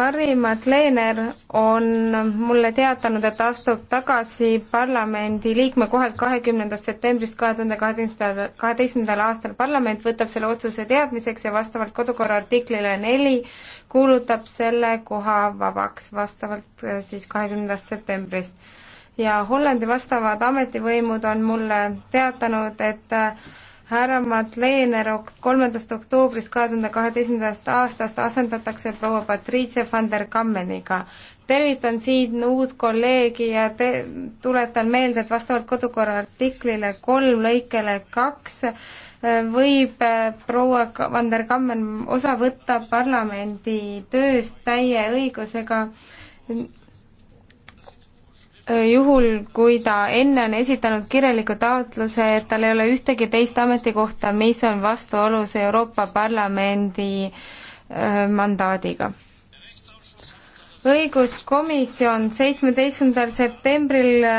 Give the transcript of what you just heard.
Marima Kleener on mulle teatanud, et astub tagasi parlamendi liikme kohalt kahekümnendast septembrist kahe tuhande kaheteistkümnendal, kaheteistkümnendal aastal. parlament võtab selle otsuse teadmiseks ja vastavalt kodukorra artiklile neli kuulutab selle koha vabaks vastavalt äh, siis kahekümnendast septembrist. ja Hollandi vastavad ametivõimud on mulle teatanud, et äh, härra Madlener kolmandast oktoobrist kahe tuhande kaheteistkümnendast aastast asendatakse proua Patricia van der Kammeniga. tervitan siin uut kolleegi ja te-, tuletan meelde, et vastavalt kodukorra artiklile kolm lõikele kaks äh, võib äh, proua van der Kammen osa võtta parlamendi tööst täie õigusega juhul, kui ta enne on esitanud kirjaliku taotluse, et tal ei ole ühtegi teist ametikohta, mis on vastuolus Euroopa Parlamendi mandaadiga. õiguskomisjon seitsmeteistkümnendal septembril